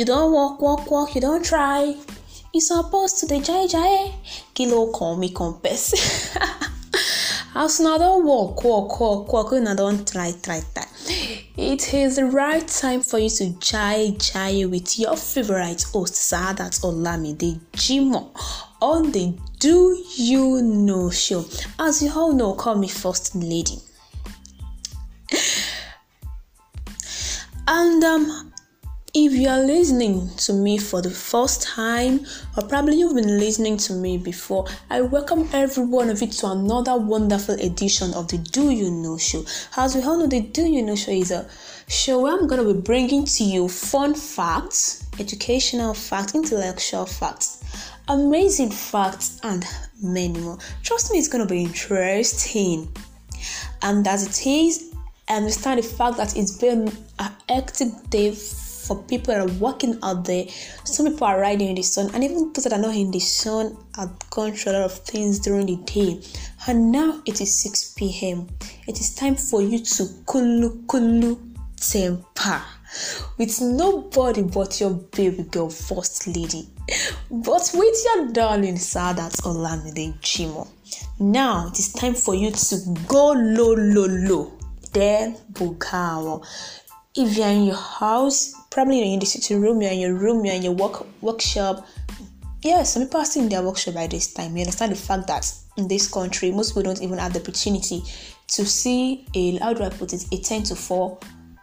You don't walk, walk, walk, you don't try. You supposed to the jai jai. Kilo call me compass. As now don't walk, walk, walk, walk, you don't try, try, try. It is the right time for you to jai jai with your favorite host, Sadat The Jimo, on the Do You Know show. As you all know, call me First Lady. and um, if you are listening to me for the first time, or probably you've been listening to me before, I welcome every one of you to another wonderful edition of the Do You Know Show. As we all know, the Do You Know Show is a show where I'm going to be bringing to you fun facts, educational facts, intellectual facts, amazing facts, and many more. Trust me, it's going to be interesting. And as it is, I understand the fact that it's been an active. day for people that are working out there. Some people are riding in the sun, and even those that are not in the sun are gone through a lot of things during the day. And now it is 6 p.m. It is time for you to kulu kulu temper with nobody but your baby girl, first lady, but with your darling sir, that's Olamide Chimo. Now it is time for you to go low, low, low. Then Bukawa. If you're in your house, probably in the sitting room, you're in your room, you're in your work workshop. Yeah, some people are still in their workshop by this time. You understand the fact that in this country, most people don't even have the opportunity to see a how do I put it, a 10 to 4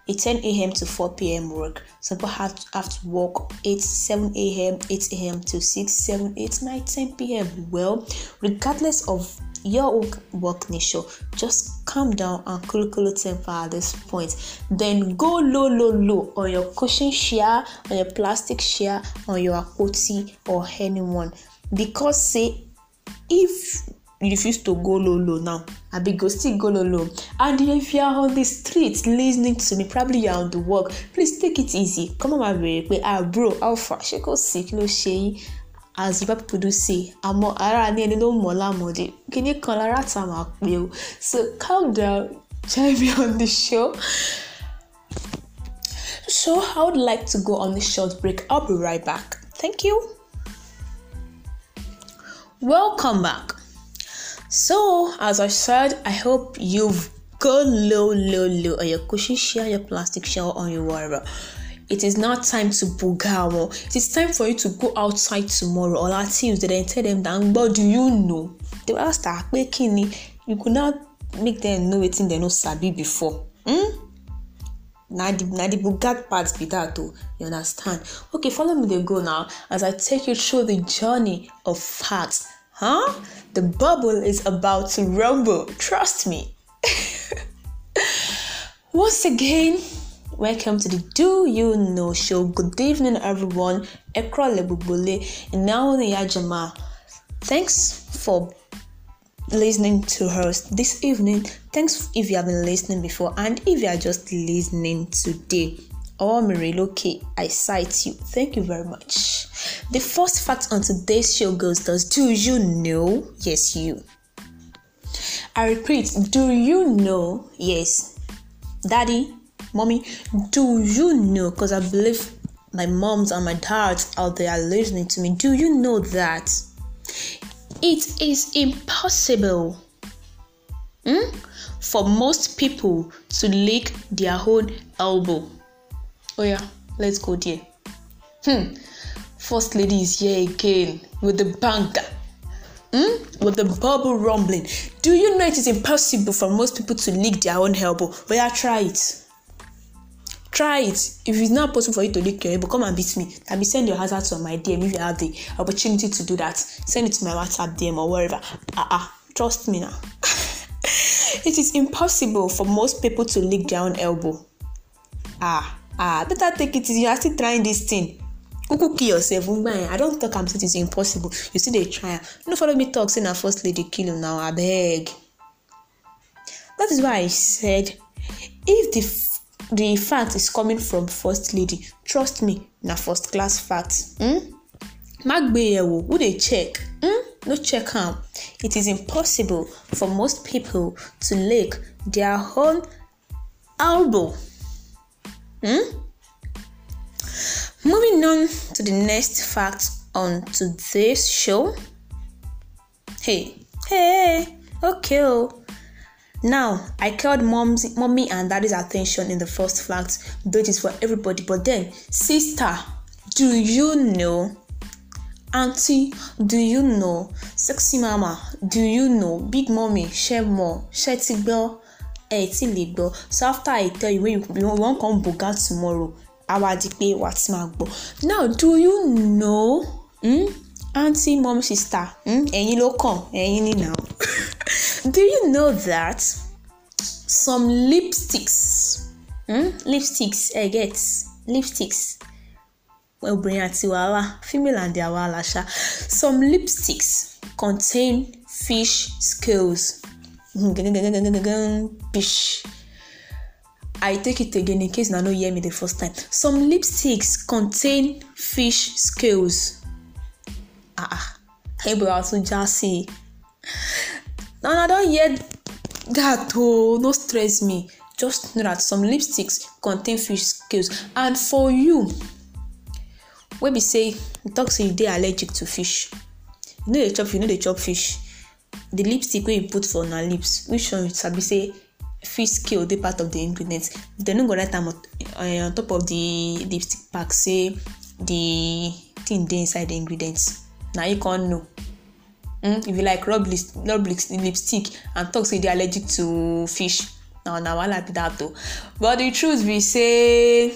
a 10 a.m. to 4 p.m. work. Some people have to, have to work 8, 7 a.m., 8 a.m. to 6, 7, 8, 9, 10 p.m. Well, regardless of your own work nation just calm down and cool cool temper at this point then go low low low on your cushion share on your plastic share on your akoti or anyone because say if you refuse to go low low now abi go still go low low and if you are on the street listening to me probably you are on the work please take it easy Come on, my baby, pé ah bro how far ṣé kò sí kí ṣe yín as Yoruba people do say, àmọ́ ara ní ẹni ló mọ̀ lámọ̀dé. Kìíní kan lára ta máa pè o. So calm down, join me on the show. So I would like to go on this short break. I'll be right back. Thank you. Welcome back. So, as I said, I hope you've gone low, low, low on your cushion share, your plastic shell, on your water. it is now time to buga it is time for you to go outside tomorrow ọ̀la teams dey then tell them that ngbo do you know they will ask her pé you go now make them know wetin they no sabi before. Hmm? na the na the Bugatti part be that o oh. you understand okay follow me dey go now as i take you through the journey of facts huh the bubble is about to rumble trust me once again Welcome to the Do You Know Show. Good evening, everyone. Ekra Lebubule and Yajama. Thanks for listening to us this evening. Thanks if you have been listening before and if you are just listening today. Oh, Miriloke, I cite you. Thank you very much. The first fact on today's show goes thus Do you know? Yes, you. I repeat, do you know? Yes. Daddy, Mommy, do you know? Because I believe my moms and my dads out there are listening to me. Do you know that it is impossible hmm, for most people to lick their own elbow? Oh, yeah, let's go there. Hmm. First lady is here again with the banker. Hmm? With the bubble rumbling. Do you know it is impossible for most people to lick their own elbow? Well, yeah, try it. try it if it's not possible for you to lick your elbow come and beat me be send your hazard to my dm if you have the opportunity to do that send it to my whatsapp dm or wherever ah ah trust me now it is impossible for most people to lick their own elbow ah ah better take it easy you are still trying this thing kuku kill yourself ngba yen i don talk am say it is impossible you still dey try am no follow me talk say na first lady kill him now abeg that is why i said if the the fact is coming from first lady trust me na first class fact hmm? magbeyewo who dey check hmm? no check am it is impossible for most people to lick their own elbow hmm? moving on to the next fact on today's show hey hey okay oh. Now, I called mom's, mommy and daddy's attention in the first fact, though it is for everybody. But then, sister, do you know? Auntie, do you know? Sexy mama, do you know? Big mommy, share more, share tigbel, ẹ ti lè gbọ́. So after I tell you you, won't wan come boga tomorrow, I will pé what's my máa Now, do you know? Hmm? aunty mom sister hmm? ẹ̀yin ló kàn ẹ̀yin ni now do you know that some lipsticks hmm? lipsticks ẹ eh, get lipsticks obìnrin àti wàhálà female and their wàhálà ṣá some lipsticks contain fish scales hmm, fish. I take it again in case na no hear me the first time. Some lipsticks contain fish scales. Ah, tún já sí i and i don't hear that oh, no stress me just know that some lipsticks contain fish scales and for you wey be say you talk say you allergic to fish you know dey chop you know dey chop fish the lipstick wey you put for na lips which one you sabi say fish scale dey part of the ingredient dem no go write am eh, on top of the lipstick pack say the thing dey inside the ingredient na you con know mm? if you like rub, list, rub lipstick and talk say you dey allergic to fish na na wahala be that o but the truth be say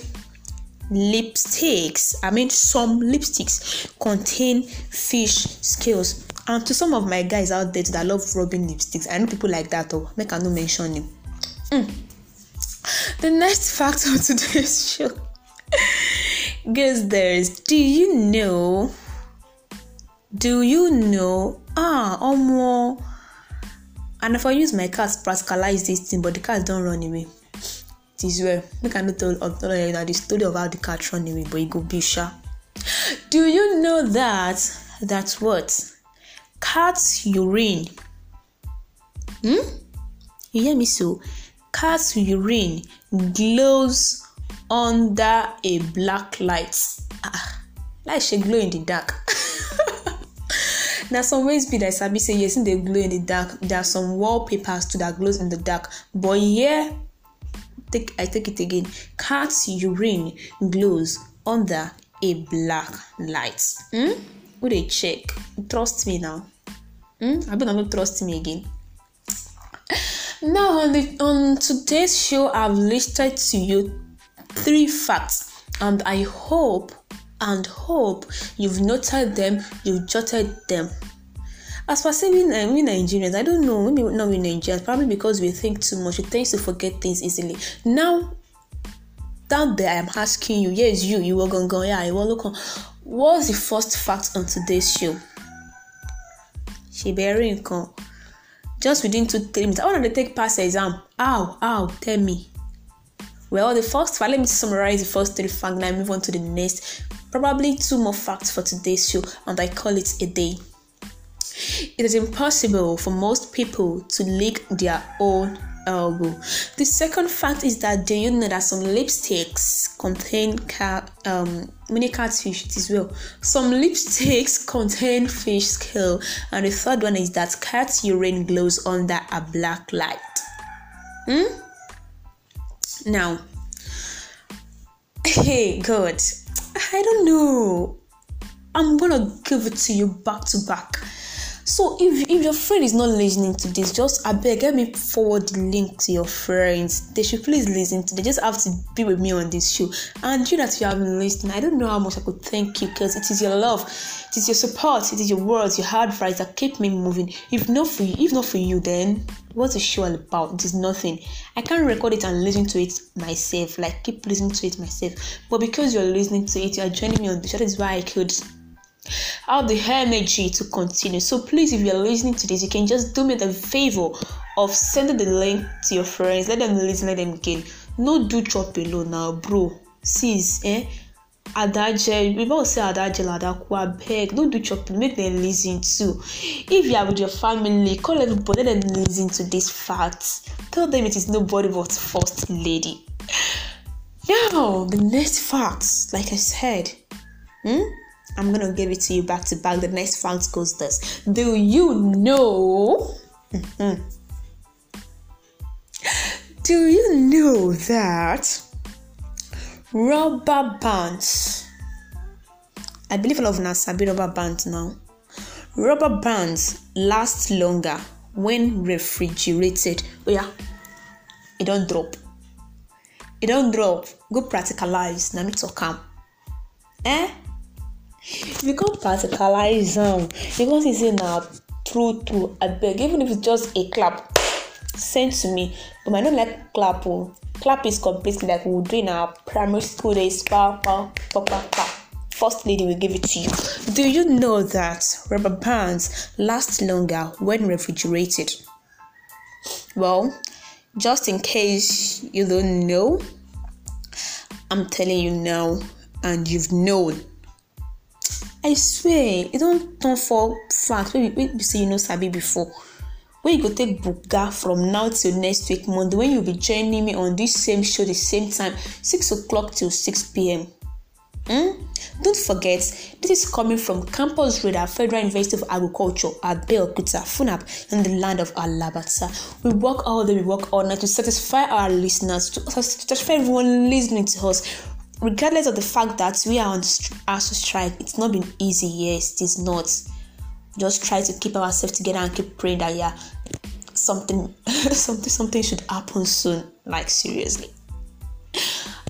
lipsticks i mean some lipsticks contain fish scales and to some of my guys out there that love rubbing lipsticks i know people like that oh make i no mention him mm. the next fact of today's show guess there's do you know Do you know? Ah, omo. And if I use my to practicalize this thing, but the cat don't run away. It is well. Make I not tell you now the story of how the cat run away, but it e go be sha. Do you know that? That's what? Cat's urine. Hmm? You hear me so? Cat's urine glows under a black light. Ah, like she glow in the dark. na some ways be that sabi say yes dey glow in the dark there are some wallpapers too that glows in the dark but here, take i take it again cat's urine glows under a black light hmm? who dey check trust me now hmm? abi una no trust me again now on, the, on today's show i've listed to you three facts and i hope and hope you've noted them you've jotted them as for say we, uh, we Nigerians, I don't know, maybe not we Nigerians, probably because we think too much, we tend to forget things easily. Now, down there, I'm asking you, yes, you, you were going to go, yeah, you were looking. What's the first fact on today's show? She bearing nkan. Just within two, three minutes. I want to take past exam. Ow, ow, tell me. Well, the first fact, let me summarize the first three facts, now move on to the next probably two more facts for today's show, and I call it a day. It is impossible for most people to lick their own elbow. The second fact is that do you know that some lipsticks contain car, um, mini catfish as well? Some lipsticks contain fish scale, and the third one is that cat urine glows under a black light. Hmm? Now, hey, good. I don't know. I'm gonna give it to you back to back. So if if your friend is not listening to this, just I beg let me forward the link to your friends. They should please listen to. They just have to be with me on this show. And you that you have been listening, I don't know how much I could thank you because it is your love, it is your support, it is your words, your hard words that keep me moving. If not for you, if not for you, then what's the show all about? It is nothing. I can't record it and listen to it myself. Like keep listening to it myself. But because you're listening to it, you're joining me on the show. That is why I could have the energy to continue. So please, if you're listening to this, you can just do me the favor of sending the link to your friends. Let them listen, let them gain. No do drop below now, bro. Sis, eh? Adage, we all say Adage Ladakwa, beg, don't do chop. make them listen too. If you are with your family, call everybody, let them listen to this fact. Tell them it is nobody but First Lady. Now, the next facts, like I said, hmm? I'm gonna give it to you back to back. The next fact goes this Do you know? Do you know that rubber bands? I believe a lot of us have rubber bands now. Rubber bands last longer when refrigerated. Oh yeah, it don't drop. It don't drop. Go practicalize. Now me to come. Eh? If you come practicalize them, you can see say now true true. I beg, even if it's just a clap, send to me. But I don't like clap. Oh. Clap is completely like we do in our primary school days. Pa, pa, pa, pa, pa. First lady will give it to you. Do you know that rubber bands last longer when refrigerated? Well, just in case you don't know, I'm telling you now, and you've known i swear don't turn for Wait, wait, you say you know sabi before When you go take buga from now till next week monday when you be joining me on this same show the same time six o'clock till six pm. Hmm? Don't forget, this is coming from Campus Radar Federal University of Agriculture at Beokuta, Funab, in the land of Alabata. We work all day, we work all night to satisfy our listeners, to satisfy everyone listening to us regardless of the fact that we are on ASU strike, it's not been easy. Yes, it is not. Just try to keep ourselves together and keep praying that yeah, something, something, something should happen soon. Like seriously.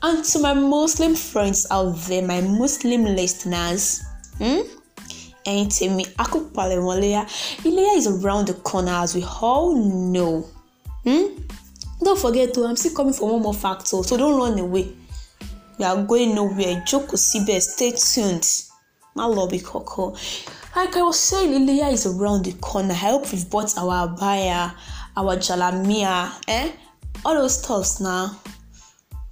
And to my Muslim friends out there, my Muslim listeners, hmm? And to me, Akupalemoleya, Ilea is around the corner as we all know. Hmm? Don't forget to, I'm still coming for one more factor, so don't run away we are going nowhere Joko síbẹ̀ stay tuned My lọ bí like i was saying Ilia is around the corner i hope we've bought our abaya our jalamia eh? all those stuffs Now,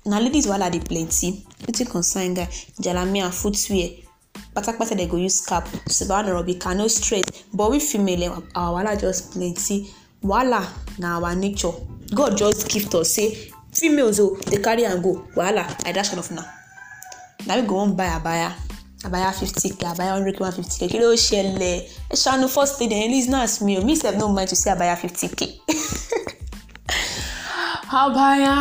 now ladies wahala dey plenty wetin concern guy jalamia footwear pátápátá dey go use cap subahana rugby canoe straight but we female our wahala just plenty wahala na our nature god just gift us say females o oh, dey carry am go wahala i dash kind of na na me go wan buy abaya abaya fifty k abaya hundred k one fifty k kí ló ṣẹlẹ̀ ẹ ṣàánú first day dem listeners mi o me oh. sef no mind to say abaya fifty k abaya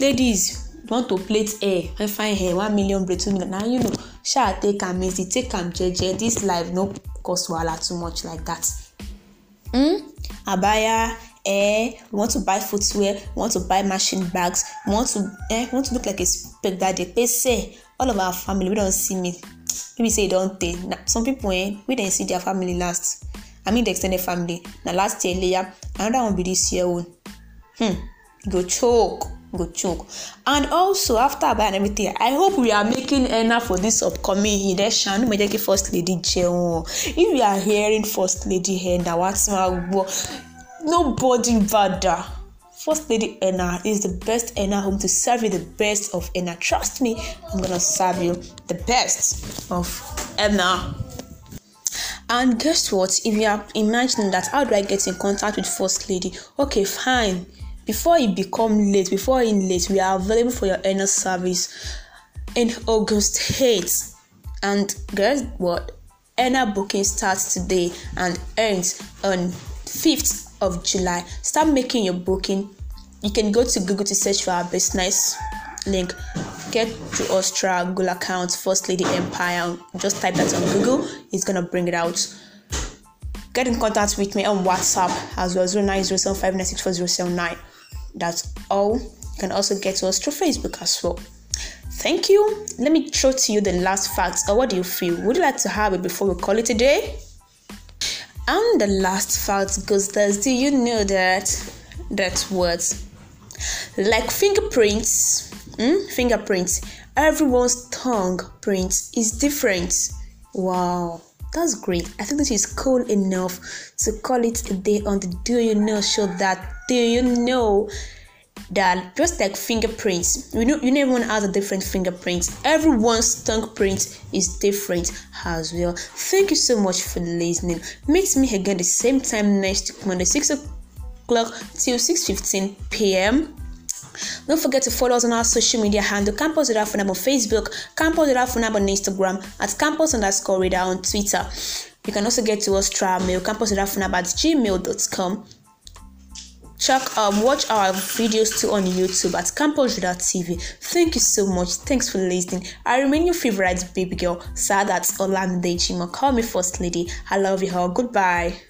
ladies want to plait hair fine fine hair one million braid two million na you know ṣáà take am easy take am jeje this life no cause wahala too much like that. Mm? abaya eh, we want to buy footwear, we want to buy machine bags, we want to eh, we want to look like a spec daddy. They say all of our family we don't see me. Maybe say don't pay. Nah, some people eh, we didn't see their family last. I mean the extended family. Now last year later, another one be this year own. Oh. Hmm, go choke. Go choke. And also after I buy and everything, I hope we are making enough for this upcoming election. No matter first lady Jeon. If you are hearing first lady here now, what's my nobody better. First Lady Enna is the best Enna home to serve you the best of Enna. Trust me, I'm gonna serve you the best of Enna. And guess what? If you are imagining that, how do I get in contact with First Lady? Okay, fine. Before you become late, before in late, we are available for your Enna service in August 8th. And guess what? Enna booking starts today and ends on 5th of July. Start making your booking. You can go to Google to search for our business link. Get to Austria Google account, First Lady Empire. Just type that on Google, it's gonna bring it out. Get in contact with me on WhatsApp as well 0907596409. That's all. You can also get to us through Facebook as well. Thank you. Let me throw to you the last facts or what do you feel? Would you like to have it before we call it a day? And the last fact goes thus Do you know that? That words like fingerprints, hmm? fingerprints, everyone's tongue print is different. Wow, that's great. I think this is cool enough to call it a day on the Do You Know show that Do You Know that just like fingerprints, you know, you know everyone has a different fingerprint. Everyone's tongue print is different as well. Thank you so much for listening. Meet me again the same time next Monday, six o'clock till six fifteen p.m. Don't forget to follow us on our social media handle Campus Radar on Facebook, Campus Radar on Instagram, at Campus underscore reader on Twitter. You can also get to us through our mail, campusradarfunab at gmail.com check um, watch our videos too on YouTube at TV. Thank you so much. Thanks for listening. I remain your favorite baby girl, Sad Sadat Olamide Jima. Call me First Lady. I love you all. Goodbye.